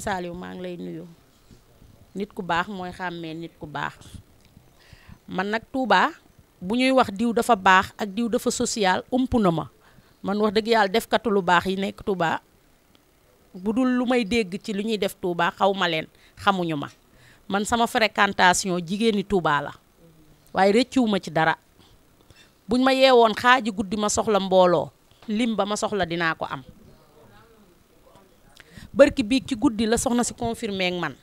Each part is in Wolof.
sëñ Saliou maa ngi lay nuyu nit ku baax mooy xàmmee nit ku baax man nag tuubaa bu ñuy wax diw dafa baax ak diw dafa social ump na ma man wax dëgg yàlla defkatu lu baax yi nekk Touba bu dul lu may dégg ci lu ñuy def tuubaa xaw ma leen xamuñu ma man sama fréquentation jigéeni tuubaa la waaye rëccuwuma ci dara buñ ma yeewoon xaaji guddi ma soxla mbooloo lim ba ma soxla dinaa ko am bërki bii ci guddi la soxna si confirmé ak man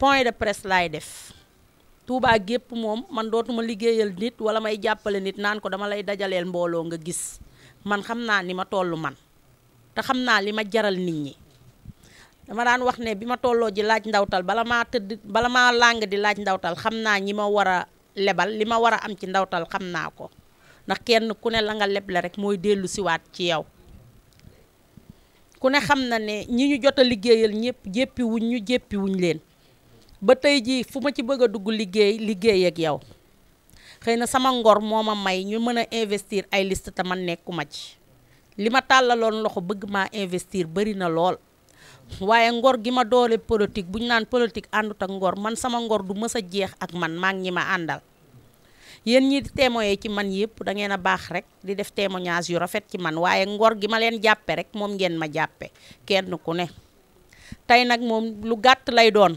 point de presse laay def Touba gépp moom man dootuma liggéeyal nit wala may jàppale nit naan ko dama lay dajaleel mbooloo nga gis man xam naa ni ma toll man te xam naa li ma jaral nit ñi dama daan wax ne bi ma tolloo ji laaj ndawtal bala maa tëdd bala maa làng di laaj ndawtal xam naa ñi ma war a lebal li ma war a am ci ndawtal xam naa ko ndax kenn ku ne la nga la rek mooy dellu siwaat ci yow ku ne xam na ne ñi ñu jot a liggéeyal ñëpp jéppi ñu jéppi leen ba tey jii fu ma ci bëgg a dugg liggéey liggéey ak yow xëy na sama ngor moo ma may ñu mën a investir ay liste te man nekkuma ci li ma tàllaloon loxo bëgg maa investir bari na lool waaye ngor gi ma doole politique bu ñu naan politique àndut ak ngor man sama ngor du mës a jeex ak man maa ngi ñi ma àndal yéen ñi témoigner ci man yëpp da ngeen a baax rek di def témoignage yu rafet ci man waaye ngor gi ma leen jàppe rek moom ngeen ma jàppe kenn ku ne tey nag moom lu gàtt lay doon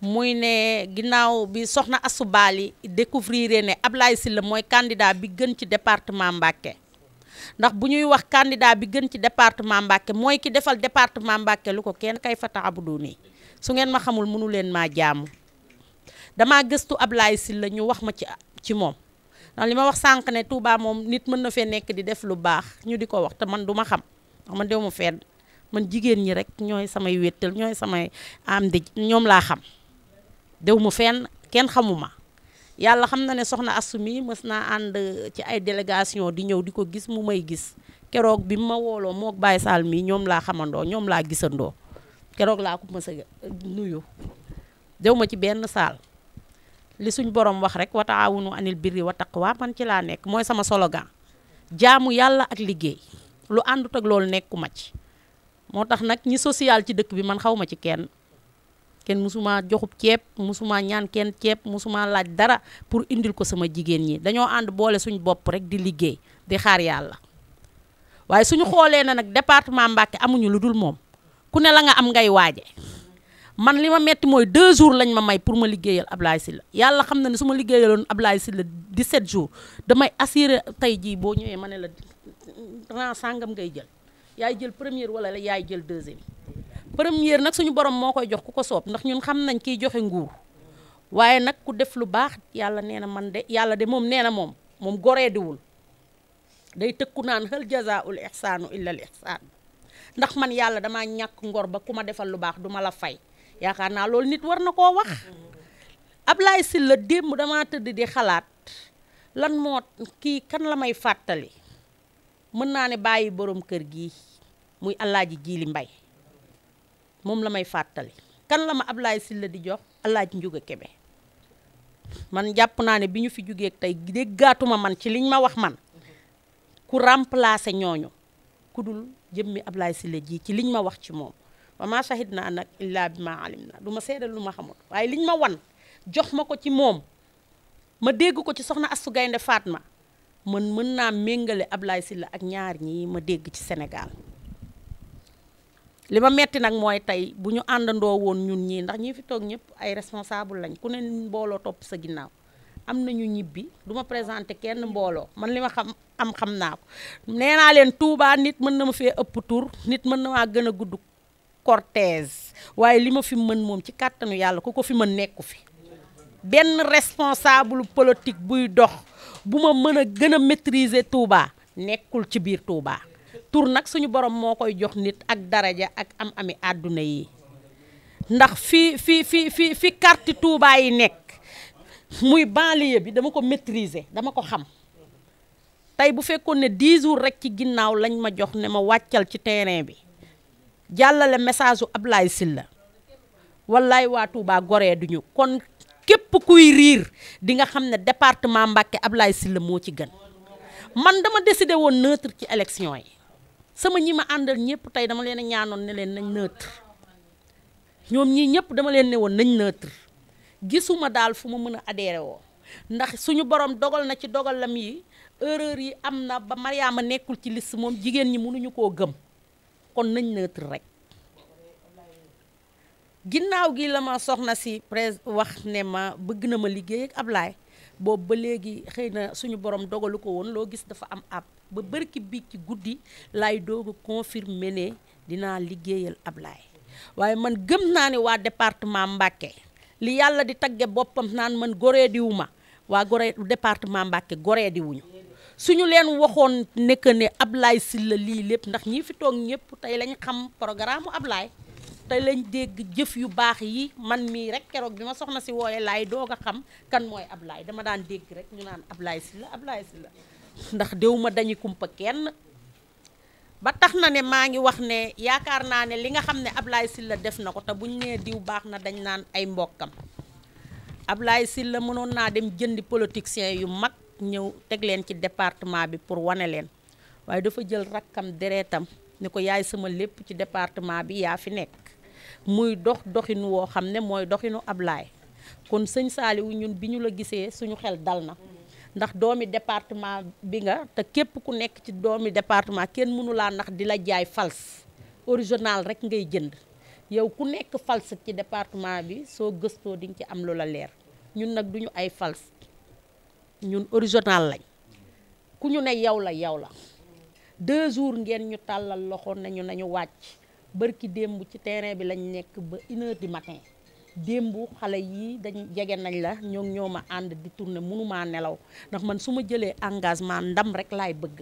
muy ne ginnaaw bi soxna Astou Bally découvrire ne Ablaye Sylla mooy candidat bi gën ci département Mbacké ndax bu ñuy wax candidat bi gën ci département Mbacké mooy ki defal département Mbacké lu ko kenn kay fa du nii su ngeen ma xamul mënu leen maa jaamu dama gëstu Ablaye ñu wax ma ci ci moom li ma wax sànq ne Touba moom nit mën na fee nekk di def lu baax ñu di ko wax te man duma xam man dew ma fenn man jigéen ñi rek ñooy samay wéttal ñooy samay am ñoom laa xam dew ma fenn kenn xamuma yàlla xam na ne soxna Astou mi mës naa ànd ci ay délégation di ñëw di ko gis mu may gis keroog bi ma wooloo moog Baye Sall mii ñoom laa xamandoo ñoom laa gisandoo keroog laa ko mës nuyu dew ma ci benn saal li suñ borom wax rek wa taawunu anil birri wa taqwa man ci laa nekk mooy sama slogan jaamu yàlla ak liggéey lu àndut ak loolu nekkuma ci moo tax nag ñi social ci dëkk bi man xaw ma ci kenn kenn musuma joxub ceeb musuma ñaan kenn ceeb musuma laaj dara pour indil ko sama jigéen ñi dañoo ànd boole suñ bopp rek di liggéey di xaar yàlla waaye suñu xoolee na nag département Mbacké amuñu lu dul moom ku ne la nga am ngay waaje man li ma metti mooy deux jours lañ ma may pour ma liggéeyal Ablaye Sylla yàlla xam na ne su ma liggéeyaloon Ablaye di 17 jours damay assuré tey jii boo ñëwee ma ne la ran sàngam ngay jël yaay jël première wala la yaay jël deuxième première nag suñu borom moo koy jox ku ko soob ndax ñun xam nañ kiy joxe nguur waaye nag ku def lu baax yàlla nee na man de yàlla de moom nee na moom moom goreediwul day tëkku naan hal jazaa'ul ihsaanu illa al ndax man yàlla damaa ñàkk ngor ba ku ma defal lu baax duma la fay yaakaar naa loolu nit war na koo wax Ablaye silla démb damaa tëdd di xalaat lan moo kii kan la may fàttali mën naa ne bàyyi boroom kër gi muy Alaaji Jiili Mbay moom la may fàttali kan la ma Ablaye Sylla di jox Alaaji Njuga Kebe man jàpp naa ne bi ñu fi jógee tey gaatuma man ci liñ ma wax man ku remplacer ñooñu ku dul jëmmi ab Ablaye Sylla ji ci liñ ma wax ci moom wa maa shahid naa nag illaa bi maa alim na duma ma seedal lu ma xamul waaye liñ ma wan jox ma ko ci moom ma dégg ko ci soxna astu Gaynde Fatma man mën naa méngale Ablaye Sylla ak ñaar ñii ma dégg ci senegal li ma metti nag mooy tey bu ñu àndandoo woon ñun ñii ndax ñi fi toog ñëpp ay responsable lañ ku ne mbooloo topp sa ginnaaw am nañu ñibbi duma ma kenn mbooloo man li ma xam am xam naa ko nee naa leen Touba nit mën na ma fee ëpp nit mën na maa gën a gudd cortège waaye li ma fi mën moom ci kàttanu yàlla ku ko fi mën nekku fi benn responsable politique buy dox bu ma mën a gën a maîtriser Touba nekkul ci biir Touba tur nag suñu borom moo koy jox nit ak daraja ak am ami àdduna yi ndax fi fi fi fi fi carte Touba yi nekk muy banlieue bi dama ko maîtriser dama ko xam tey bu fekkoon ne 10 jours rek ci ginnaaw lañ ma jox ne ma wàccal ci terrain bi jàllale message u Ablaye Sylla wallaay waa Touba goree duñu kon képp kuy riir di nga xam ne département Mbacké Ablaye Sylla moo ci gën man dama décidé woon neutre ci élection yi sama ñi ma àndal ñëpp tey dama leen ñaanoon ne leen nañ neutre ñoom ñii ñëpp dama leen ne woon nañ neutre gisuma daal fu ma mën a adhéré woo ndax suñu borom dogal na ci dogalam yi erreur yi am na ba Mariama nekkul ci list moom jigéen ñi mënuñu koo gëm kon nañ neutre rek ginnaaw gi la ma soxna si prés wax ne ma bëgg na ma liggéey ak Ablaye boobu ba léegi xëy na suñu borom dogalu ko woon loo gis dafa am ab ba bërki bi ci guddi lay doog a confirmer ne dinaa liggéeyal Ablaye waaye man gëm naa ne waa département Mbacké li yàlla di tagge boppam naan man goree diwu ma waa goree département Mbacké goree diwuñu suñu leen waxoon nekk ne Ablaye Sylla lii lépp ndax ñi fi toog ñëpp tey lañ xam programme u Ablaye tey lañ dégg jëf yu baax yi man mii rek keroog bi ma soxna si wooye laay doog a xam kan mooy Ablaye dama daan dégg rek ñu naan Ablaye Sylla Ablaye Sylla ndax déw ma dañu kumpa kenn ba tax na ne maa ngi wax ne yaakaar naa ne li nga xam ne Ablaye Sylla def na ko te buñ nee diw baax na dañ naan ay mbokkam Ablaye Sylla mënoon naa dem jëndi politiciens yu mag ñëw teg leen ci département bi pour wane leen waaye dafa jël rakkam deretam ni ko yaay sama lépp ci département bi yaa fi nekk muy dox doxinu woo xam ne mooy doxinu Ablaay kon sëñ Saaliwu ñun bi ñu la gisee suñu xel dal na ndax doomi département bi nga te képp ku nekk ci doomi département kenn mënu laa ndax di la jaay fals original rek ngay jënd yow ku nekk fals ci département bi soo gëstoo di nga ci am lu la leer ñun nag duñu ay fals ñun original lañ ku ñu ne yow la yow la deux jours ngeen ñu tàllal loxo nañu nañu wàcc bërki démb ci terrain bi lañ nekk ba une heure du matin démb xale yi dañ jege nañ la ñoo ñoo ma ànd di tourner mënumaa nelaw ndax man su ma jëlee engagement ndam rek lay bëgg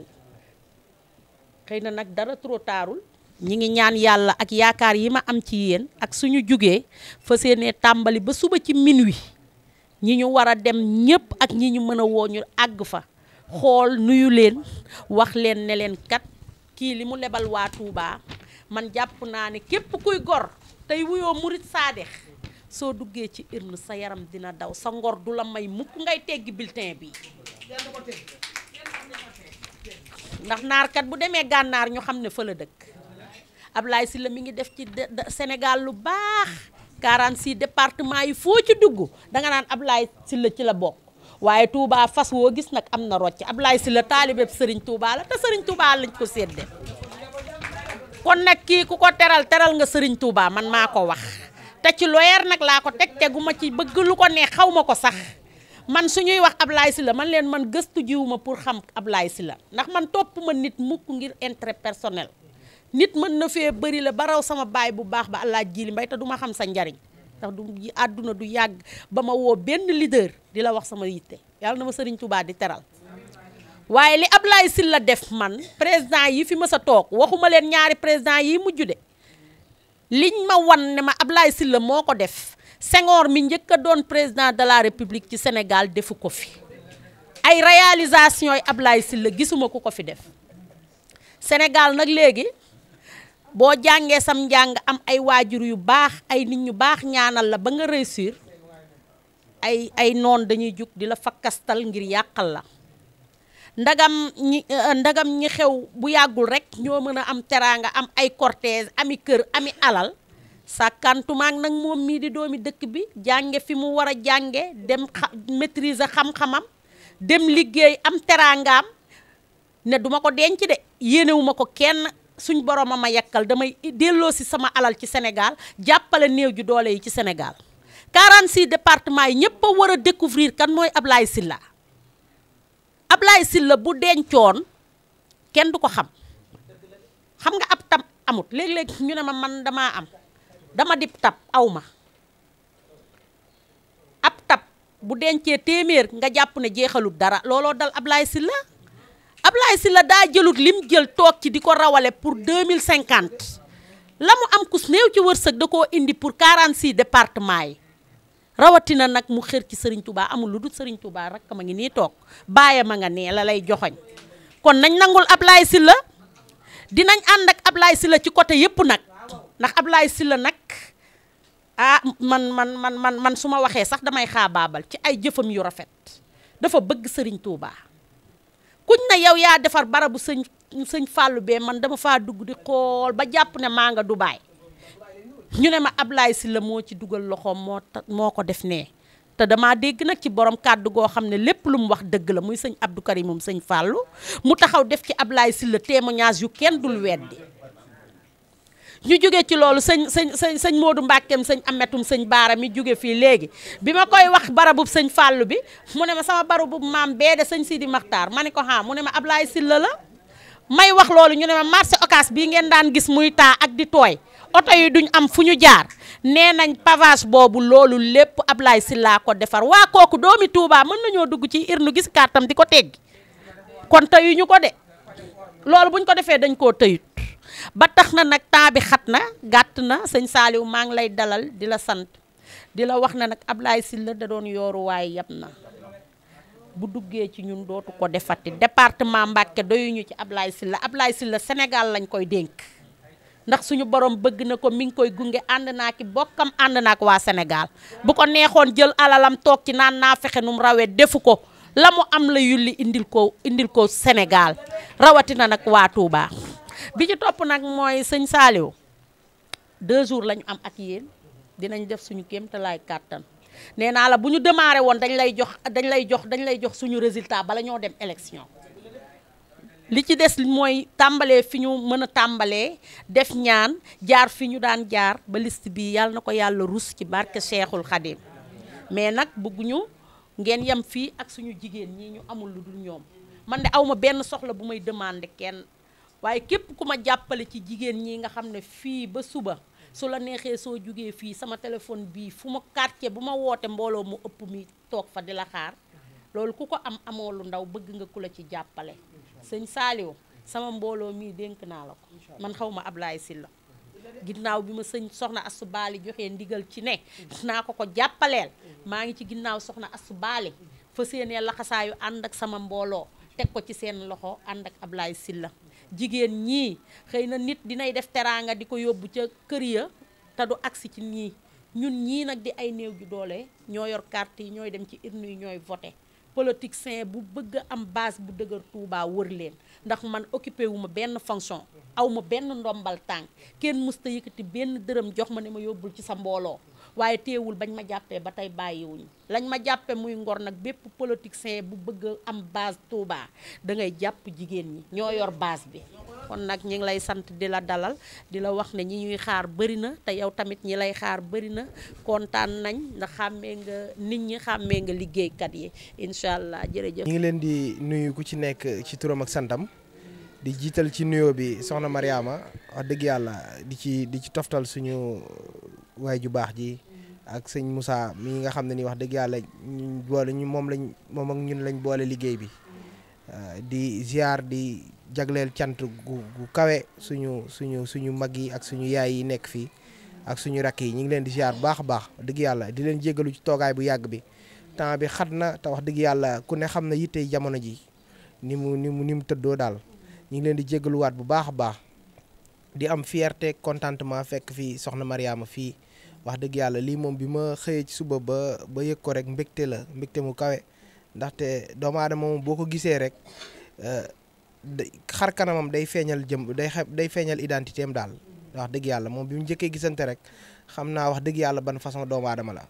xëy na nag dara trop taarul ñi ngi ñaan yàlla ak yaakaar yi ma am ci yéen ak suñu jugee fa yéenee tàmbali ba suba ci wi ñi ñu war a dem ñépp ak ñi ñu mën a woo ñu àgg fa xool nuyu leen wax leen ne leen kat kii li mu lebal waa Touba man jàpp naa ne képp kuy gor tey wuyoo murit saadex soo duggee ci urne sa yaram dina daw sa ngor du la may mukk ngay teggi bulletin bi ndax naarkat bu demee gànnaar ñu xam ne fa la dëkk Ablaye Sylla mi ngi def ci Sénégal lu baax 46 département yi foo ci dugg danga naan ab Ablaye Sylla ci la bokk waaye Touba fas woo gis nag am na rocc Ablaye Sylla taalibeb Serigne Touba la te Serigne Touba lañ ko sédde kon nag kii ku ko teral teral nga Serigne Touba man maa ko wax te ci loyer nag laa ko teg teguma ci bëgg lu ko neex xaw ma ko sax man suñuy wax ab Ablaye Sylla man leen man gëstu jiwuma pour xam Ablaye Sylla ndax man topp ma nit mukk ngir intérêt personnel nit mën na fee bëri la baraw sama baay bu baax ba allah jili mbay te du xam sa njariñ ndax du àdduna du yàgg ba ma woo benn leader di la wax sama yitte yàlla na ma sëriñ Touba di teral waaye li Ablaye Sylla def man président yi fi ma sa toog waxuma leen ñaari président yi mujj de li ma wan ne ma Ablaye Sylla moo ko def sengoor mi njëkk a doon président de la république ci Sénégal defu ko fi ay réalisation yi Ablaye Sylla gisuma ku ko fi def Sénégal nag léegi boo jàngee sam njàng am ay waajur yu baax ay nit ñu baax ñaanal la ba nga réussir ay ay noon dañuy jug di la fakkastal ngir yàqal la ndagam ñi euh, ndagam ñi xew bu yàggul rekk ñoo mën a am teraanga am ay cortège ami kër ami alal sàkkantumaak nag moom mii di doomi dëkk bi jànge fi mu war a jànge dem maîtriser xam-xamam dem liggéey am teraangaam ne duma ko denc de yéenewuma ko kenn suñ borom a ma yekkal damay delloo si sama alal ci Sénégal jàppale néew ju doole yi ci Sénégal 46 départements yi ñëpp a war a découvrir kan mooy Ablaye Sylla Ablaye Sylla bu dencoon kenn du ko xam xam nga ab tam amut léeg léegi ñu ne ma man damaa am dama di tab aw ma ab tab bu dencee téeméer nga jàpp ne jeexalut dara looloo dal Ablaye Sylla ab Ablaye Sylla daa jëlut lim jël toog ci di ko rawale pour mille 2050 la mu am kus néew ci wërsëg da koo indi pour 46 département yi rawatina nag mu xër ci Serigne Touba amul lu dul Serigne Touba rakk ma ngi nii toog bàyyi a nga nee la lay joxoñ kon nañ nangul Ablaye Sylla dinañ ànd ak Ablaye Sylla ci côté yëpp nag ndax Ablaye Sylla nag ah man man man man man su ma waxee sax damay xaabaabal ci ay jëfam yu rafet dafa bëgg Serigne Touba. kuñ na yow yaa defar barabu sëñ sëñ fàllu bee man dama faa dugg di xool ba jàpp ne maa nga Dubaay ñu ne ma Ablaye Sylla moo ci dugal loxoom moo moo ko def ne te damaa dégg nag ci borom kàddu goo xam ne lépp lu mu wax dëgg la muy sëñ Abdou Karim moom sëñ fàllu mu taxaw def ci Ablaye Sylla témoignage yu kenn dul weddi ñu jóge ci loolu sëñ sëñ sëñ sëñ Modou Mbàkkem sëñ ametum sëñ baara mi jóge fii léegi bi ma koy wax barabub sëñ fàllu bi mu ne ma sama barabub maam bee de sëñ Sidi Maxtaar ma ne ko ha mu ne ma ab lay Sylla la may wax loolu ñu ne ma marché occas bii ngeen daan gis muy taa ak di tooy oto yi duñ am fu ñu jaar nee nañ pavage boobu loolu lépp ab Ablaye Sylla ko defar waa kooku doomi tuubaa mën nañoo dugg ci irnu gis kàttam di ko teggi kon tëyu ñu ko de loolu buñ ko defee dañ koo tëyut ba tax na nag temps bi xat na gàtt na sëñ Saaliw maa ngi lay dalal di la sant di la wax na nag Ablaye Sylla da doon yooruwaay yab na bu duggee ci ñun dootu ko defati département Mbàkke doyuñu ci Ablaye Sylla Ablaye Sylla senegal lañ koy dénk ndax suñu borom bëgg na ko mi ngi koy gunge ànd naa ki bokkam ànd naa ko waa senegal bu ko neexoon jël alalam toog ci naan naa fexe nu rawet defu ko la mu am la yulli indil ko indil ko Sénégal rawatina nag waa Touba. bi ci topp nag mooy sëñ Saliou deux jours lañu am ak yéen dinañ def suñu kéemtalaay kàttan nee naa la bu ñu démarré woon dañ lay jox dañ lay jox dañ lay jox suñu résultat bala ñoo dem élection li ci des mooy tàmbalee fi ñu mën a tàmbalee def ñaan jaar fi ñu daan jaar ba liste bi yàlla na ko yàlla rus ci barke seexul Khadim mais nag bëgguñu ngeen yem fii ak suñu jigéen ñi ñu amul lu dul ñoom man de awma benn soxla bu may demander kenn waaye képp ku ma jàppale ci jigéen ñi nga xam ne fii ba suba su la neexee soo jógee fii sama téléphone bii fu ma quartier bu ma woote mbooloo mu ëpp mi toog fa di la xaar loolu ku ko am amoo lu ndaw bëgg nga ku la ci jàppale sëñ Saaliw sama mbooloo mii dénk naa la ko man xaw ma Ablaye Sylla ginnaaw bi ma sëñ soxna Asu Baali joxee ndigal ci ne naa ko ko jàppaleel maa ngi ci ginnaaw soxna Asu Baali fa seenee laxasaayu ànd ak sama mbooloo teg ko ci seen loxo ànd ak Ablaye Sylla jigéen ñii xëy na nit dinay def teraanga di ko yóbbu ca kër ya te du agsi ci nii ñun ñii nag di ay néew ju doole ñoo yor carte yi ñooy dem ci urne yi ñooy voté politicien bu bëgg am base bu dëgër Touba wër leen ndax man occupé wu ma benn fonction awma benn ndombal tànk kenn mësta yëkkati benn dërëm jox ma ni ma yóbbul ci sa mbooloo waaye teewul bañ ma jàppee ba tey bàyyiwuñu lañ ma jàppee muy ngor nag bépp politicien bu bëgg am base Touba da ngay jàpp jigéen ñi ñoo yor base bi. kon nag ñu ngi lay sant di la dalal di la wax ne ñi ñuy xaar bëri na te yow tamit ñi lay xaar bëri na kontaan nañ nga xàmmee nga nit ñi xàmmee nga liggéeykat yi incha allah jërëjëf. ñu ngi leen di nuyu ku ci nekk ci turam ak santam. di jiital ci nuyo bi soxna Mariama wax dëgg yàlla di ci di ci toftal suñu waaye ju baax ji ak sëñ Moussa mi nga xam ne ni wax dëgg yàlla ñu moom lañ moom ak ñun lañ boole liggéey bi euh, di ziar di jagleel cant gu gu kawe suñu suñu suñu mag yi ak suñu yaay yi nekk fii ak suñu rakk yi ñu ngi leen di ziar baax a baax dëgg yàlla di leen jégalu ci toogaay bu yàgg bi temps bi xat na te wax dëgg yàlla ku ne xam na yitte jamono ji ni mu ni mu ni mu tëddoo daal. ñu ngi leen di jégaluwaat bu baax a baax di am fierté contentement fekk fii soxna Mariama fii wax dëgg yàlla lii moom bi ma xëyee ci suba ba ba yëg ko rek mbégte la mbégte mu kawe ndaxte doomu aadama moom boo ko gisee rek euh, xar kanamam day feeñal jëm day day feeñal identité am daal wax dëgg yàlla moom bi mu njëkkee gisante rek xam naa wax dëgg yàlla ban façon doomu aadama la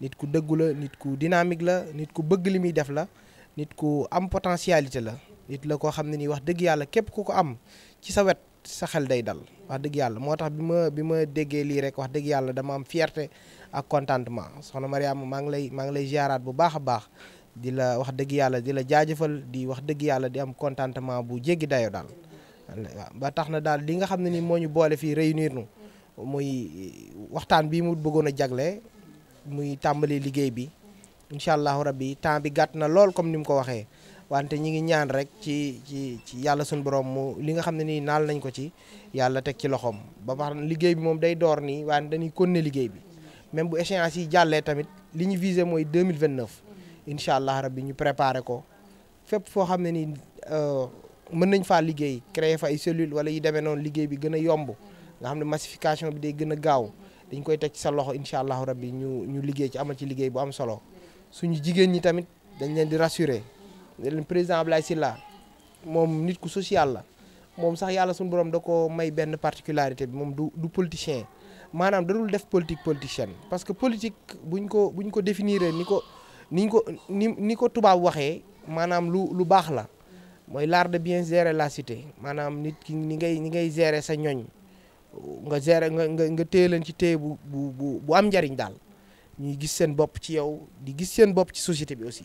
nit ku dëggu la nit ku dynamique la nit ku bëgg li muy def la nit ku am potentialité la it la koo xam ne nii wax dëgg yàlla képp ku ko am ci sa wet sa xel day dal wax dëgg yàlla moo tax bi ma bi ma déggee lii rek wax dëgg yàlla dama am fierté ak contentement soxna Mariama maa ngi lay maa ngi lay ziaraat bu baax a baax di la wax dëgg yàlla di la jaajëfal di wax dëgg yàlla di am contentement bu jéggi dayo daal ba tax na daal li nga xam ne ni moo ñu boole fii réunir nu muy waxtaan bi mu bëggoon a jagle muy tàmbali liggéey bi incha allahu rabbi temps bi gàtt na lool comme ni mu ko waxee wante ñi ngi ñaan rek ci ci ci yàlla suñu borom mu li nga xam ne nii naal nañ ko ci yàlla teg ci loxoom ba wax liggéey bi moom day door nii waaye dañuy continuer liggéey bi même bu échéance yi jàllee tamit li ñu visé mooy 2029 incha allah rabbi ñu préparé ko fépp foo xam ne nii euh, mën nañ faa liggéey créer fa ay cellules wala yi demee noonu liggéey bi gën a yomb nga xam ne massification bi day gën a gaaw dañ koy teg ci sa loxo incha allah rabbi ñu ñu liggéey ci amal ci liggéey bu am solo suñu jigéen ñi tamit dañ leen di rassurer. président président Abdoulaye Sylla moom nit ku sociale la moom sax yàlla suñu borom da ko may benn particularité bi moom du du politicien maanaam dadul def politique politicienne parce que politique buñ ko buñ ko définir ni ko niñ ko ni ni ko tubaab waxee maanaam lu lu baax la mooy l'art de bien gere la cité maanaam nit ki ni ngay ni ngay gérer sa ñoñ nga gérer nga nga nga téye leen ci téye bu bu bu am njariñ daal ñuy gis seen bopp ci yow di gis seen bopp ci société bi aussi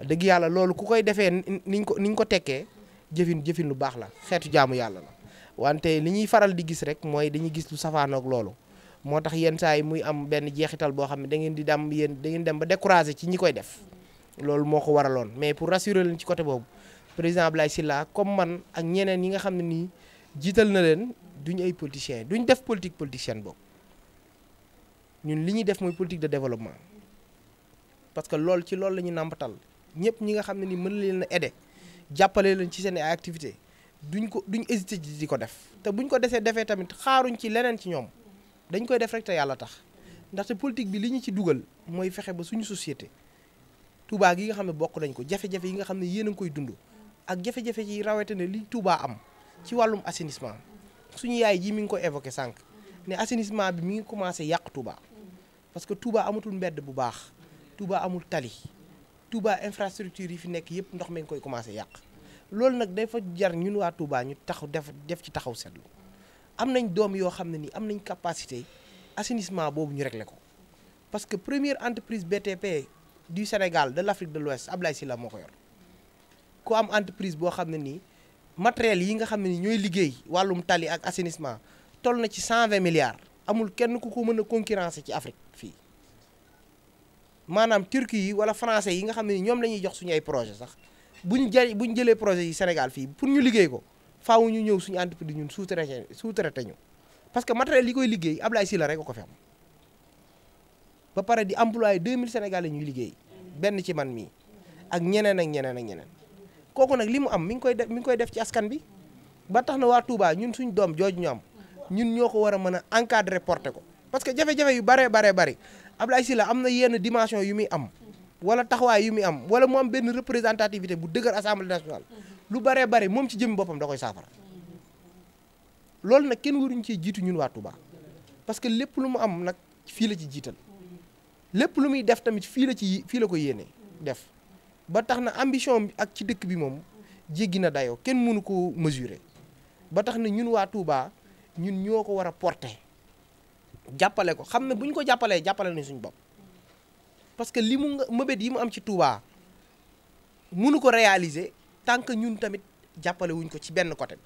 dëgg yàlla loolu ku koy defee niñ ko niñ ko tekkee jëfin jëfin lu baax la xeetu jaamu yàlla la wante li ñuy faral di gis rek mooy dañuy gis lu safaanook loolu moo tax yenn saa yi muy am benn jeexital boo xam ne da ngeen di dem yéen da ngeen dem ba découragé ci ñi koy def loolu moo ko waraloon mais pour rassurer leen ci côté boobu président Abdoulaye Sylla comme man ak ñeneen yi nga xam ne nii jiital na leen duñ ay politiciens duñ def politique politicienne boobu ñun li ñuy def mooy politique de développement parce que loolu ci loolu la ñu nàmpatal ñëpp ñi nga xam ne ni mën leen a aider jàppale leen ci seen ay activité duñ ko duñ hésité di ko def te buñ ko desee defee tamit xaaruñ ci leneen ci ñoom dañ koy def rek te yàlla tax ndaxte politique bi li ñu ci dugal mooy fexe ba suñu société tubaa gi nga xam ne bokk nañ ko jafe-jafe yi nga xam ne yéen a ngi koy dund ak jafe-jafe yi rawete li Touba am ci wàllum assainissement suñu yaay jii mi ngi ko évoqué sànq ne assainissement bi mi ngi commencé yàq tubaa parce que Touba amatul mbedd bu baax Touba amul tali Touba infrastructure yi fi nekk yëpp ndox mi ngi koy commencé yàq loolu nag day fa jar ñun waa Touba ñu taxaw def def ci taxaw seetlu am nañ doom yoo xam ne nii am nañ capacité assainissement boobu ñu réglé ko parce que première entreprise BTP du Sénégal de l' Afrique de l'Ouest Ablaye Sylla moo ko yor ku am entreprise boo xam ne nii matériel yi nga xam ne ni ñooy liggéey wàllum tali ak assainissement toll na ci cent vingt milliards amul kenn ku ko mën a concurrencer ci Afrique maanaam turquie yi wala français yi nga xam ne ñoom lañuy jox suñu ay projet sax buñ jël buñ jëlee projet yi Sénégal fii pour ñu liggéey ko faaw ñu ñëw suñu entreprise ñun sous-traité sous parce que matériel yi koy liggéey Ablaye Sylla rek ko fi am ba pare di employé 2000 Sénégalais ñuy liggéey benn ci man mii ak ñeneen ak ñeneen ak ñeneen kooku nag li mu am mi ngi koy def mi ngi koy def ci askan bi ba tax na waa ñun suñ doom jooju ñu ñun ñoo ko war a mën a encadrer porter ko parce que jafe-jafe yu bare bare bari Abdoulaye Sylla am na yenn dimension yu muy am wala taxawaay yu muy am wala mu am benn représentativité bu dëgër assemblée nationale lu baree bare moom ci jëm boppam da koy saafara loolu nag kenn waruñ cee jiitu ñun waa Touba parce que lépp lu mu am nag fii la ci jiital lépp lu muy def tamit fii la ci fii la ko yéene def ba tax na ambition bi ak ci dëkk bi moom jéggi na dayoo kenn mënu ko mesurer ba tax na ñun waa tuubaa ñun ñoo ko war a porté jàppale ko xam na bu ñu ko jàppalee jàppale nañ suñu bopp parce que li mu mëbét yi mu am ci Touba munu ko réaliser tant que ñun tamit jàppale wuñ ko ci benn côté bi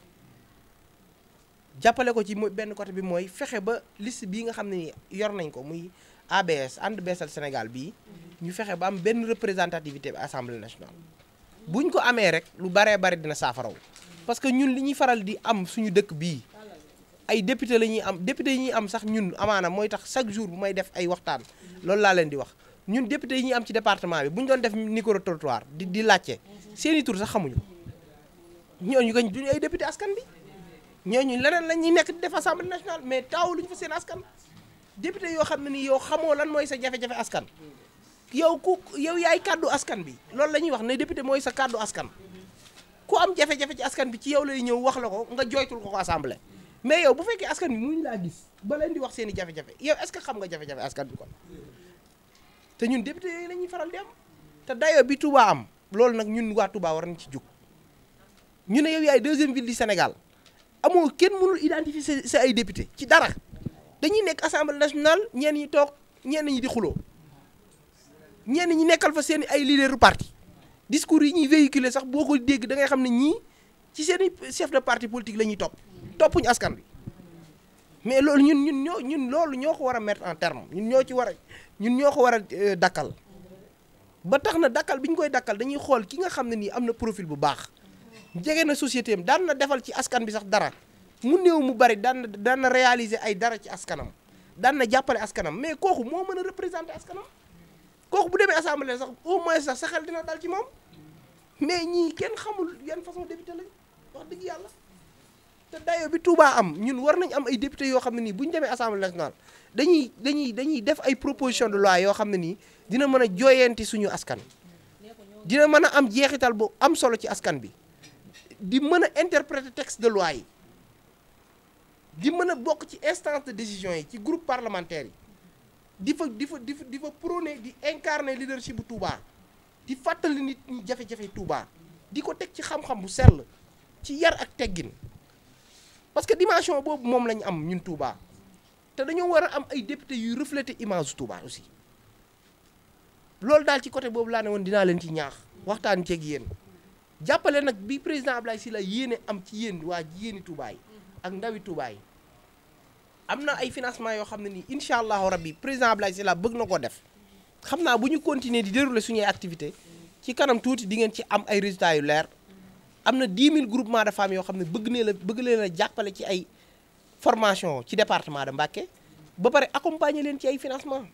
jàppale ko ci benn côté bi mooy fexe ba liste bii nga xam ne yor nañ ko muy ABS ànd beesal Sénégal bii ñu fexe ba am benn représentativité bi assemblée nationale buñ ko amee rek lu baree bari dina saafaraw parce que ñun li ñuy faral di am suñu dëkk bii ay député la ñuy am député yi ñuy am sax ñun amaana mooy tax chaque jour bu may def ay waxtaan loolu laa leen di wax ñun député yi ñuy am ci département bi bu ñu doon def micro trottoir di di laajte seeni tur sax xamuñu ñooñu kañ duñu ay député askan bi ñooñu leneen la ñuy nekk di def assemblée nationale mais taaw luñu fa seen askan député yoo xam ne nii yow xamoo lan mooy sa jafe-jafe askan yow ku yow yaay kàddu askan bi loolu la ñuy wax ne député mooy sa kàddu askan ku am jafe ci askan bi ci yow lay ñëw wax la ko nga jooytul ko ko assemblée mais yow bu fekkee askan bi ñu laa gis ba leen di wax seeni i jafe-jafe yow est que xam nga jafe-jafe askan bi kon te ñun député yooyu lañuy faral di am te dayoo bi Touba am loolu nag ñun waa Touba war nañ ci jóg ñu ne yow yaay deuxième ville di Sénégal amoo kenn mënul identifier sa ay député ci dara dañuy nekk assemblée nationale ñeen ñi toog ñenn ñi di xuloo ñenn ñi nekkal fa seen ay leaderu parti discours yi ñuy véhiculer sax boo ko dégg dangay ngay xam ne ñii ci seen i chef parti politique la ñuy topp. toppuñu askan bi mais loolu ñun ñun ñoo ñun loolu ñoo ko war a mettre en terme ñun ñoo ci war a ñun ñoo ko war a euh, dakkal ba tax na dakkal bi ñu koy dakkal dañuy xool ki nga xam ne nii am na profile bu baax jege na société am daan na defal ci askan bi sax dara mu néew mu bari daan na daan na réaliser ay dara ci askanam daan na jàppale askanam mais kooku moo mën a représenter askanam kooku bu demee assemblée sax au moins sax sa xel dina dal ci moom mais ñii kenn xamul yan façon député lañ dëgg yàlla. te dayoo bi Touba am ñun war nañ am ay député yoo xam ne nii bu demee assemblée nationale dañuy dañuy dañuy def ay proposition de loi yoo xam ne nii dina mën a jooyanti suñu askan. dina mën a am jeexital bu am solo ci askan bi di mën a interpréter texte de loi yi di mën a bokk ci instance de décision yi ci groupe parlementaire yi di fa di fa di fa di fa prôner di incarner leadership bu Touba di fàttali nit ñi jafe-jafe Touba di ko teg ci xam-xam bu sell ci yar ak teggin. parce que dimension boobu moom la ñu am ñun Touba te dañoo war a am ay député yuy refléter image Touba aussi loolu daal ci côté boobu laa ne woon dinaa leen ci ñaax waxtaan ceeg yéen jàppale nag bi président Ablaye Sylla yéene am ci yéen waa yéeni Touba yi ak ndawi Touba yi am na ay financement yoo xam ne nii incha allahu rabbi président Ablaye Sylla bëgg na ko def xam naa bu ñu continuer di dérouler suñuy activité ci kanam tuuti di ngeen ci am ay résultats yu leer am na 10 mille groupement de femmes yoo xam ne bëgg nee la bëgg a jàppale ci ay formation ci département de Mbacké ba pare accompagner leen ci ay financement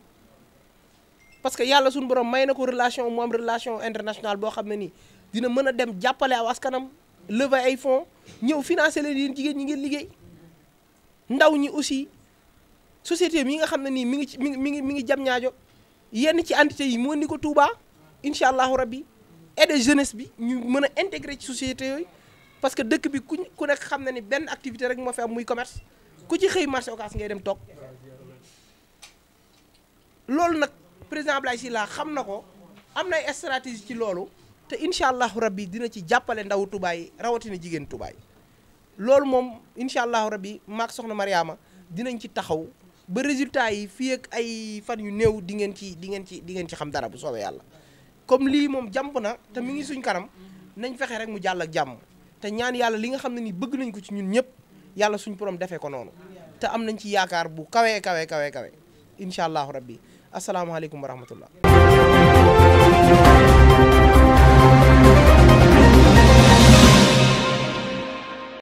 parce que yàlla suñu borom may na ko relation mu am relation internationale boo xam ne nii dina mën a dem jàppale aw askanam lever ay fonds ñëw financer leen yéen jigéen ñi ngeen liggéey ndaw ñi aussi société mi nga xam ne nii mi ngi ci mi ngi mi ngi mi ngi jam ñaajo yenn ci entité yi mu indi ko Touba incha allahu rabbi aider jeunesse bi ñu mën a intégrer ci société yooyu parce que dëkk bi ku ku nekk xam na ni benn activité rek moo fi am muy commerce ku ci xëy marché occas ngay dem toog loolu nag président Ablaye Sylla xam na ko am na ay stratégie ci loolu te incha allahu rabbi dina ci jàppale ndawu Touba yi rawatina jigéen Touba loolu moom incha allahu rabbi maak soxna Mariama dinañ ci taxaw ba résultat yi fii ay fan yu new di ngeen ci di ngeen ci di ngeen ci xam dara bu soobee yàlla comme lii moom jàmp na te mi ngi suñ kanam nañ fexe rek mu jàll ak jàmm te ñaan yàlla li nga xam ne ni bëgg nañ ko ci ñun ñëpp yàlla suñ borom defee ko noonu te am nañ ci yaakaar bu kawee kawee kawee kawe incha allahu rabbi asalaamaaleykum wa rahmatullah